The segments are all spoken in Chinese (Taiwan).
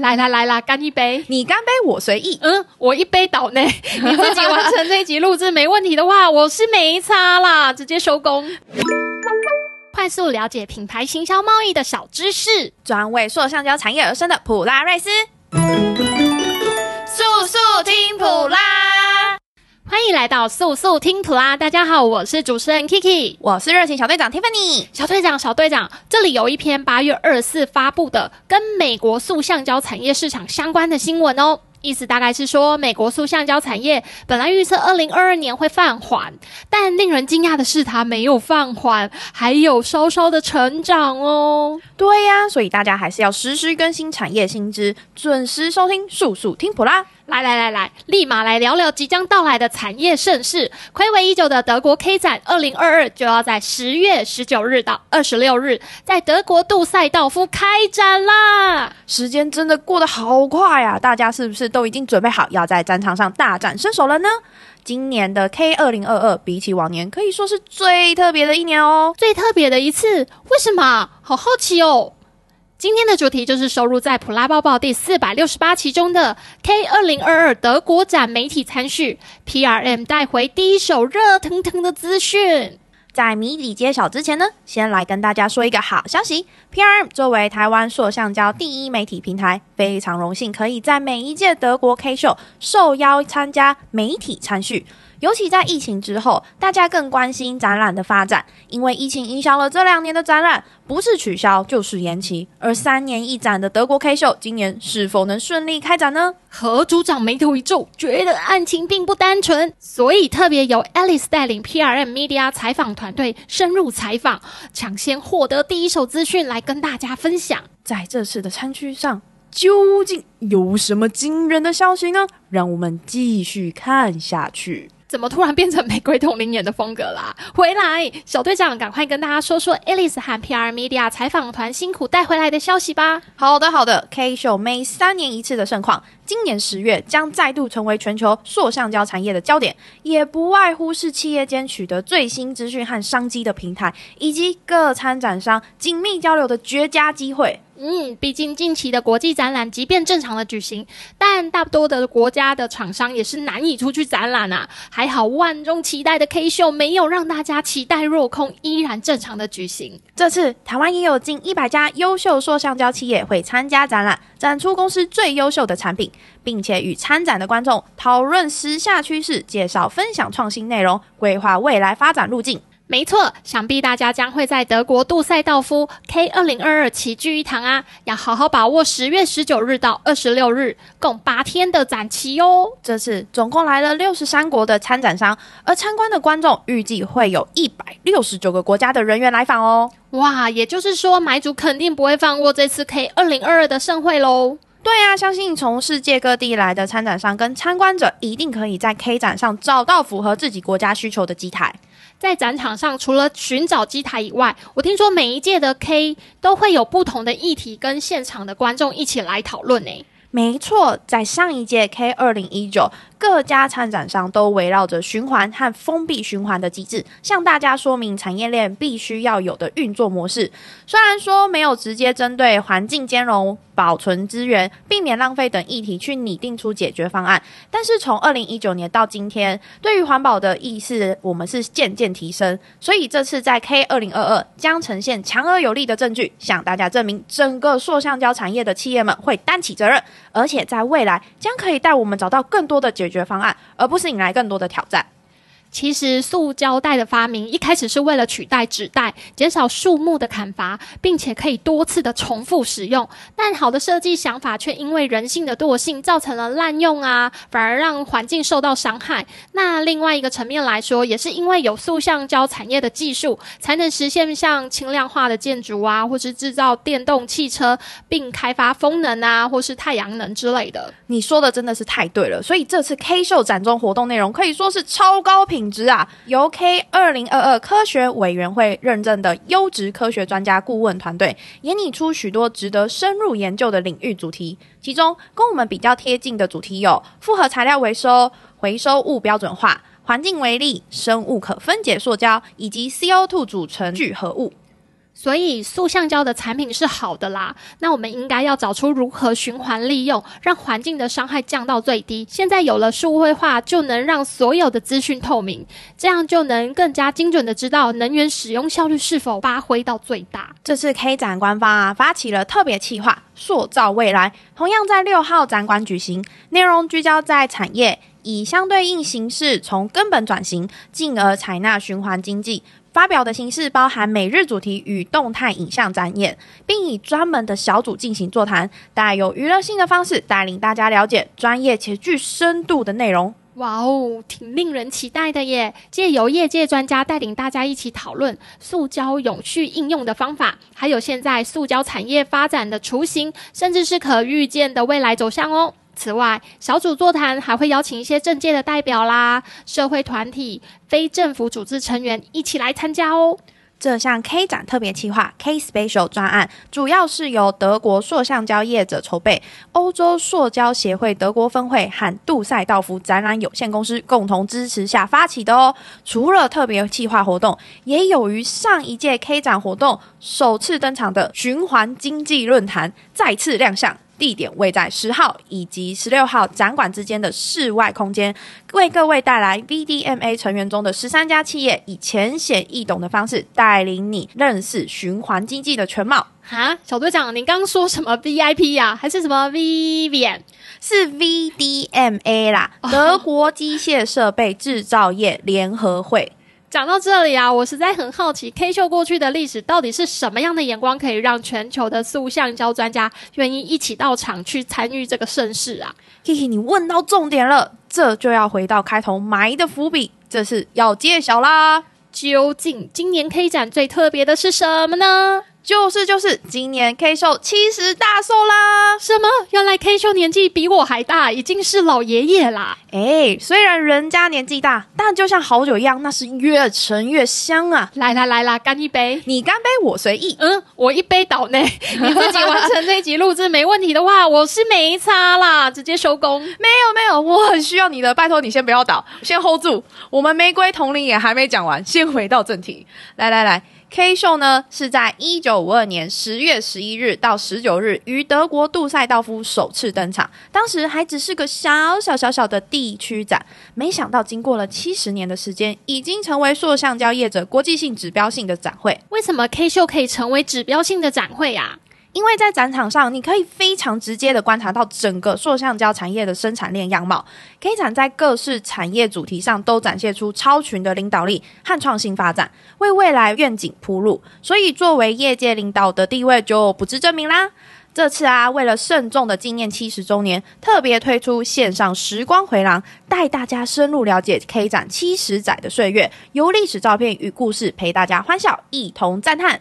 來來來啦，乾一杯！你乾杯，我隨意。嗯，我一杯倒內，你自己完成這一集錄製沒問題的話，我是沒差啦，直接收工。 快速了解品牌行銷貿易的小知識，專為塑橡膠產業而生的普拉瑞斯，速速聽普拉。來到速速聽譜啦。大家好，我是主持人 Kiki，我是熱情小隊長 Tiffany，小隊長小隊長，這裡有一篇八月二十四發布的跟美國塑橡膠產業市場相關的新聞哦，意思大概是說，美國塑橡膠產業本來預測二零二二年會放緩，但令人驚訝的是它沒有放緩，還有稍稍的成長哦。對呀、啊，所以大家還是要實時，時更新產業新知，準時收聽速速聽譜啦。來來來來，立馬來聊聊即將到來的產業盛事，暌違已久的德國 K 展2022就要在十月十九日到二十六日，在德國杜塞道夫開展啦！時間真的過得好快呀、啊，大家是不是都已經準備好要在戰場上大展身手了呢？今年的 K2022 比起往年可以說是最特別的一年哦，最特別的一次，為什麼？好好奇哦。今天的主題就是收入在《普拉抱報》第四百六十八期中的 K 二零二二德國展媒體餐敘，PRM 帶回第一手熱騰騰的資訊。在謎底揭曉之前呢，先來跟大家說一個好消息。PRM 作為台灣塑橡膠第一媒體平台，非常榮幸可以在每一屆德國 K 秀受邀參加媒體餐敘。尤其在疫情之後，大家更關心展覽的發展，因為疫情影響了這兩年的展覽，不是取消就是延期。而三年一展的德國 K Show，今年是否能順利開展呢？何組長眉頭一皺，覺得案情並不單純，所以特別由 Alice 帶領 PRM Media 採訪團隊深入採訪，搶先獲得第一手資訊來跟大家分享。在這次的餐敘上，究竟有什麼驚人的消息呢？讓我們繼續看下去。怎麼突然變成玫瑰瞳鈴眼的風格啦、啊？回來，小隊長，趕快跟大家說說 Alice 和 PR Media 採訪團辛苦帶回來的消息吧。好的，好的。K Show 每三年一次的盛況，今年十月將再度成為全球塑橡膠產業的焦點，也不外乎是企業間取得最新資訊和商機的平台，以及各參展商緊密交流的絕佳機會。嗯，畢竟近期的國際展覽，即便正常的舉行，但大多的國家的廠商也是難以出去展覽啊。還好萬眾期待的 K Show 沒有讓大家期待落空，依然正常的舉行。這次台灣也有近一百家優秀塑橡膠企業會參加展覽，展出公司最優秀的產品，並且與參展的觀眾討，討論時下趨勢，介紹分享創新內容，規劃未來發展路徑。沒錯，想必大家將會在德國杜塞道夫 K 二零二二齊聚一堂啊！要好好把握十月十九日到二十六日共八天的展期哦。這次總共來了六十三國的參展商，而參觀的觀眾預計會有一百六十九個國家的人員來訪哦。哇，也就是說，買主肯定不會放過這次 K 二零二二的盛會嘍。對啊，相信從世界各地來的參展商跟參觀者，一定可以在 K 展上找到符合自己國家需求的機台。在展場上，除了尋找機台以外，我聽說每一屆的 K 都會有不同的議題跟現場的觀眾一起來討論誒、欸。沒錯，在上一屆 K 二零一九，各家參展商都圍繞着循環和封閉循環的機制，向大家說明產業鏈必須要有的運作模式。雖然說沒有直接針對環境兼容、保存資源、避免浪費等議題去擬定出解決方案，但是從二零一九年到今天，對於環保的意識我們是漸漸提升。所以這次在 K 二零二二將呈現強而有力的證據，向大家證明整個塑橡膠產業的企業們會擔起責任。而且，在未來將可以帶我們找到更多的解決方案，而不是引來更多的挑戰。其實，塑膠袋的發明一開始是為了取代紙袋，減少樹木的砍伐，並且可以多次的重複使用。但好的設計想法卻因為人性的惰性，造成了濫用啊，反而讓環境受到傷害。那另外一個層面來說，也是因為有塑橡膠產業的技術，才能實現像輕量化的建築啊，或是製造電動汽車，並開發風能啊，或是太陽能之類的。你說的真的是太對了，所以這次 K SHOW 展中活動內容可以說是超高品品質啊，由 K 二零二二科學委員會認證的優質科學專家顧問團隊，研擬出許多值得深入研究的領域主題。其中，跟我們比較貼近的主題有複合材料回收、回收物標準化、環境微粒、生物可分解塑膠，以及 CO2 組成聚合物。所以，塑橡膠的產品是好的啦。那我們應該要找出如何循環利用，讓環境的傷害降到最低。現在有了數位化，就能讓所有的資訊透明，這樣就能更加精準的知道能源使用效率是否發揮到最大。這次 K 展官方啊發起了特別企劃，塑造未來，同樣在六號展館舉行，內容聚焦在產業以相對應形式從根本轉型，進而採納循環經濟。發表的形式包含每日主題與動態影像展演，並以專門的小組進行座談，帶有娛樂性的方式帶領大家了解專業且具深度的內容。哇哦，挺令人期待的耶！借由業界專家帶領大家一起討論塑膠永續應用的方法，還有現在塑膠產業發展的雛形，甚至是可預見的未來走向哦。此外，小組座談還會邀請一些政界的代表啦、社會團體、非政府組織成員一起來參加哦。這項 K 展特別企劃 K Special 專案，主要是由德國塑橡膠業者籌備，歐洲塑膠協會德國分會和杜塞道夫展覽有限公司共同支持下發起的哦。除了特別企劃活動，也有於上一屆 K 展活動首次登場的循環經濟論壇再次亮相。地點位在十號以及十六號展館之間的室外空間，為各位帶來 VDMA 成員中的十三家企業，以淺顯易懂的方式帶領你認識循環經濟的全貌。哈，小隊長，您剛說什麼 VIP 呀、啊？還是什麼 VVM？是 VDMA 啦，德國機械設備製造業聯合會。講到這裡啊，我實在很好奇，K 秀過去的歷史到底是什麼樣的眼光，可以讓全球的塑橡膠專家願意一起到場去參與這個盛事啊。嘿嘿，你問到重點了，這就要回到開頭埋的伏筆，這次要揭曉啦。究竟今年 K 展最特別的是什麼呢？就是就是，今年 K 秀七十大壽啦！什麼？原來 K 秀年紀比我還大，已經是老爺爺啦！欸，雖然人家年紀大，但就像好酒一樣，那是越陳越香啊！來來來來，乾一杯！你乾杯，我隨意。嗯，我一杯倒呢。 你自己完成這一集錄製沒問題的話，我是沒差啦，直接收工。 沒有沒有，我很需要你的，拜託你先不要倒，先 hold 住。我們玫瑰同齡也還沒講完，先回到正題。來來來。K Show 呢，是在一九五二年十月十一日到十九日於德國杜塞道夫首次登場，當時還只是個小小小小的地區展，沒想到經過了七十年的時間，已經成為塑橡膠業者國際性指標性的展會。為什麼 K Show 可以成為指標性的展會呀？啊？因為在展場上，你可以非常直接的觀察到整個塑橡膠產業的生產鏈樣貌，K 展在各式產業主題上都展現出超群的領導力和創新發展，為未來願景鋪路。所以，作為業界領導的地位就不知證明啦。這次啊，為了慎重的紀念七十周年，特別推出線上時光回廊，帶大家深入了解 K 展七十載的歲月，由歷史照片與故事陪大家歡笑，一同讚嘆。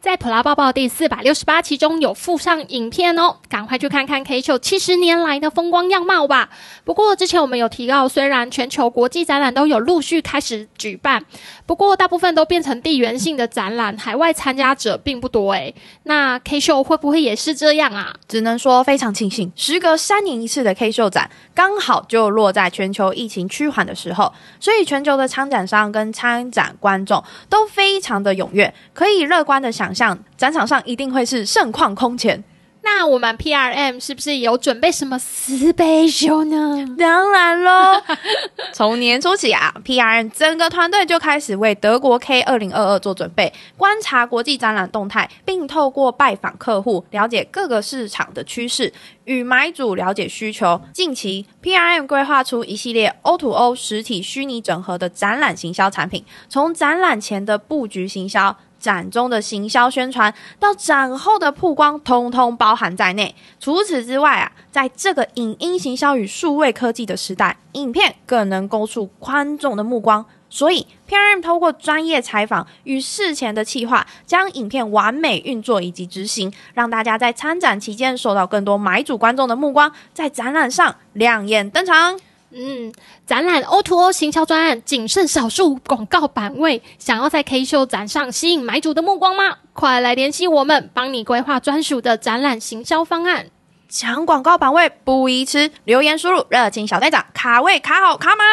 在普拉抱報第四百六十八期中有附上影片哦，趕快去看看 K 秀七十年來的風光樣貌吧。不過之前我們有提到，雖然全球國際展覽都有陸續開始舉辦，不過大部分都變成地緣性的展覽，海外參加者並不多，哎。誒。那 K 秀會不會也是這樣啊？只能說非常慶幸，時隔三年一次的 K 秀展剛好就落在全球疫情趨緩的時候，所以全球的參展商跟參展觀眾都非常的踴躍，可以樂觀的想。像展場上一定會是盛況空前。那我們 PRM 是不是有準備什麼 special 秀呢？當然嘍， 從年初起啊，PRM 整個團隊就開始為德國 K 二零二二做準備，觀察國際展覽動態，並透過拜訪客戶了解各個市場的趨勢，與買主了解需求。近期 PRM 規劃出一系列 O to O 實體虛擬整合的展覽行銷產品，從展覽前的布局行銷。展中的行銷宣傳到展後的曝光，通通包含在內。除此之外啊，在這個影音行銷與數位科技的時代，影片更能勾出觀眾的目光。所以，PRM 透過專業採訪與事前的企劃，將影片完美運作以及執行，讓大家在參展期間受到更多買主觀眾的目光，在展覽上亮眼登場。嗯，展覽 O2O 行銷專案僅剩少數廣告版位，想要在 K Show 展上吸引買主的目光嗎？快來聯繫我們，幫你規劃專屬的展覽行銷方案。搶廣告版位不宜遲，留言輸入“熱情小隊長卡位卡好卡滿”。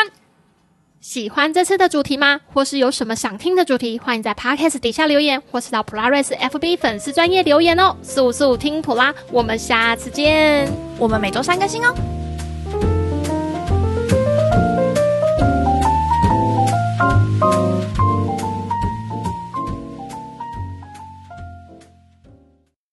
喜歡這次的主題嗎？或是有什麼想聽的主題？歡迎在 Podcast 底下留言，或是到普拉瑞斯 FB 粉絲專頁留言哦。速速聽普拉，我們下次見。我們每週三更新哦。